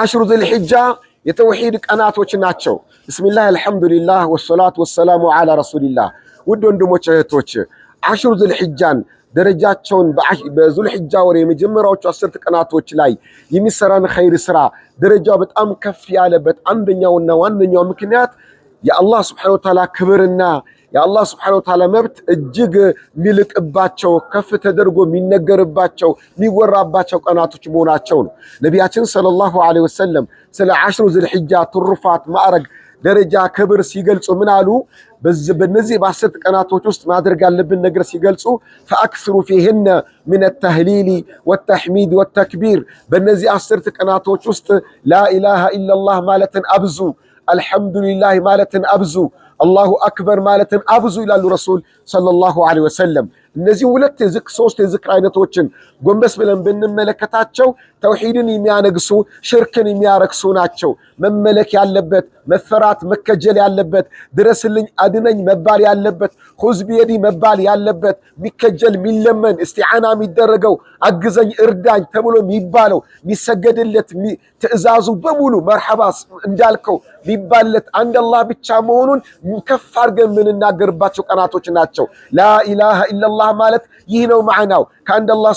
አሽሩ ዙልሒጃ የተውሂድ ቀናቶች ናቸው። ብስሚላህ አልሐምዱሊላህ ወሰላቱ ወሰላሙ አላ ረሱሊላህ። ውድ ወንድሞች እህቶች፣ አሽሩ ዙልሒጃን ደረጃቸውን በዙልሒጃ ወር የመጀመሪያዎቹ አስርት ቀናቶች ላይ የሚሰራን ኸይር ስራ ደረጃው በጣም ከፍ ያለበት አንደኛውና ዋነኛው ምክንያት የአላህ ስብሓነሁ ወተዓላ ክብርና የአላህ ስብሐነሁ ወተዓላ መብት እጅግ የሚልቅባቸው ከፍ ተደርጎ የሚነገርባቸው የሚወራባቸው ቀናቶች መሆናቸው ነው። ነቢያችን ሰለላሁ ዐለይሂ ወሰለም ስለ አሽሩ ዝልሕጃ ትሩፋት፣ ማዕረግ፣ ደረጃ፣ ክብር ሲገልጹ ምን አሉ? በነዚህ በአስርት ቀናቶች ውስጥ ማድረግ ያለብን ነገር ሲገልጹ ፈአክስሩ ፊህነ ምን ተህሊሊ ወተሕሚድ ወተክቢር፣ በነዚህ አስርት ቀናቶች ውስጥ ላኢላሃ ኢለላህ ማለትን አብዙ፣ አልሐምዱሊላህ ማለትን አብዙ አላሁ አክበር ማለትን አብዙ ይላሉ ረሱል ሰለላሁ ዐለይሂ ወሰለም። እነዚህ ሁለት ሶስት የዝክር አይነቶችን ጎንበስ ብለን ብንመለከታቸው ተውሂድን የሚያነግሱ ሽርክን የሚያረክሱ ናቸው። መመለክ ያለበት መፈራት መከጀል ያለበት ድረስልኝ አድነኝ መባል ያለበት ሁዝ ቢየዲ መባል ያለበት ሚከጀል ሚለመን እስቲዓና የሚደረገው አግዘኝ እርዳኝ ተብሎ የሚባለው የሚሰገድለት ትዕዛዙ በሙሉ መርሐባ እንዳልከው ሚባልለት አንድ አላህ ብቻ መሆኑን ከፍ አድርገን የምንናገርባቸው ቀናቶች ናቸው። ላኢላሃ ኢለላህ ማለት ይህ ነው ማዕናው። ከአንድ አላህ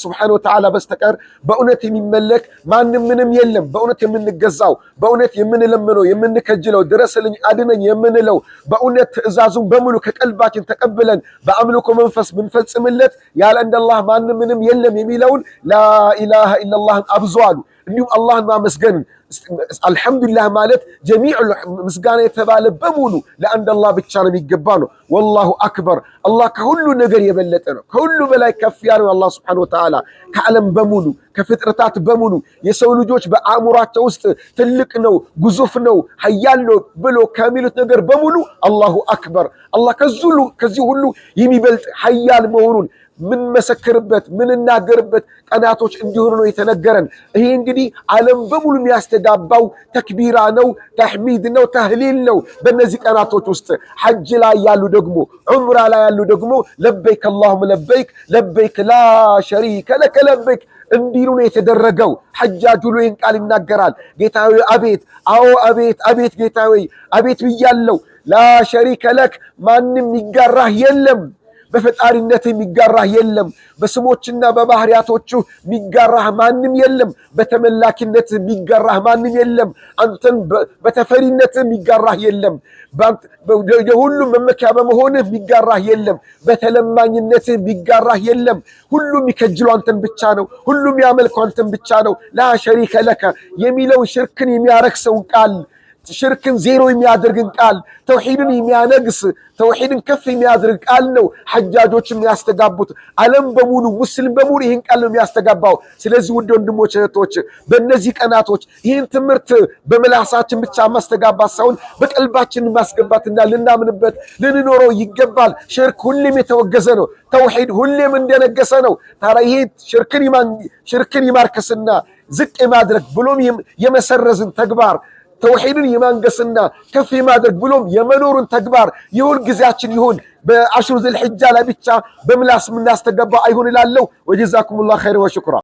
ስብሓነሁ ወተዓላ በስተቀር በእውነት የሚመለክ ማንም ምንም የለም። በእውነት የምንገዛው፣ በእውነት የምንለምነው፣ የምንከጅለው፣ ድረስልኝ፣ አድነኝ የምንለው፣ በእውነት ትዕዛዙን በሙሉ ከቀልባችን ተቀብለን በአምልኮ መንፈስ ምንፈጽምለት ያለ እንደ አላህ ማንም ምንም የለም የሚለውን ላኢላሃ ኢለላህን አብዙ አሉ። እንዲሁም አላህን ማመስገንን አልሐምዱሊላህ ማለት ጀሚዕ ምስጋና የተባለ በሙሉ ለአንድ አላህ ብቻ ነው የሚገባ ነው። ወላሁ አክበር አላህ ከሁሉ ነገር የበለጠ ነው። ከሁሉ በላይ ከፍ ያለው አላህ ሱብሓነሁ ወተዓላ ከዓለም በሙሉ ከፍጥረታት በሙሉ የሰው ልጆች በአእምሯቸው ውስጥ ትልቅ ነው፣ ግዙፍ ነው፣ ሀያል ነው ብሎ ከሚሉት ነገር በሙሉ አላሁ አክበር አላህ ከዚህ ሁሉ የሚበልጥ ሀያል መሆኑን ምንመሰክርበት ምንናገርበት ቀናቶች እንዲሆኑ ነው የተነገረን። ይሄ እንግዲህ ዓለም በሙሉ የሚያስተጋባው ተክቢራ ነው፣ ተሕሚድ ነው፣ ተህሊል ነው። በእነዚህ ቀናቶች ውስጥ ሐጅ ላይ ያሉ ደግሞ ዑምራ ላይ ያሉ ደግሞ ለበይክ አላሁም ለበይክ ለበይክ ላ ሸሪከ ለከ ለበይክ እንዲሉ ነው የተደረገው። ሐጃጁ ይህን ቃል ይናገራል። ጌታዊ አቤት፣ አዎ አቤት፣ አቤት ጌታዊ አቤት ብያለው። ላ ሸሪከ ለክ ማንም ይጋራህ የለም በፈጣሪነት የሚጋራህ የለም። በስሞችና በባህሪያቶቹ የሚጋራህ ማንም የለም። በተመላኪነት የሚጋራህ ማንም የለም። አንተን በተፈሪነት የሚጋራህ የለም። የሁሉም መመኪያ በመሆንህ የሚጋራህ የለም። በተለማኝነት የሚጋራህ የለም። ሁሉም ይከጅሉ አንተን ብቻ ነው። ሁሉም ያመልኩ አንተን ብቻ ነው። ላ ሸሪከ ለከ የሚለውን ሽርክን የሚያረክሰውን ቃል ሽርክን ዜሮ የሚያደርግን ቃል ተውሂድን የሚያነግስ ተውሂድን ከፍ የሚያደርግ ቃል ነው። ሐጃጆች የሚያስተጋቡት ዓለም በሙሉ ሙስሊም በሙሉ ይህን ቃል ነው የሚያስተጋባው። ስለዚህ ውድ ወንድሞች እህቶች፣ በእነዚህ ቀናቶች ይህን ትምህርት በመላሳችን ብቻ ማስተጋባት ሳይሆን በቀልባችን ማስገባትና ልናምንበት ልንኖረው ይገባል። ሽርክ ሁሌም የተወገዘ ነው። ተውሂድ ሁሌም እንደነገሰ ነው። ታዲያ ይሄ ሽርክን የማርከስና ዝቅ የማድረግ ብሎም የመሰረዝን ተግባር ተውሒድን የማንገስና ከፍ የማድረግ ብሎም የመኖሩን ተግባር የሁል ጊዜያችን ይሁን። በአሽሩ ዘልሕጃ ላይ ብቻ በምላስ የምናስተገባው አይሁን እላለሁ። ወጀዛኩሙላሁ ኸይረን ወሽኩራ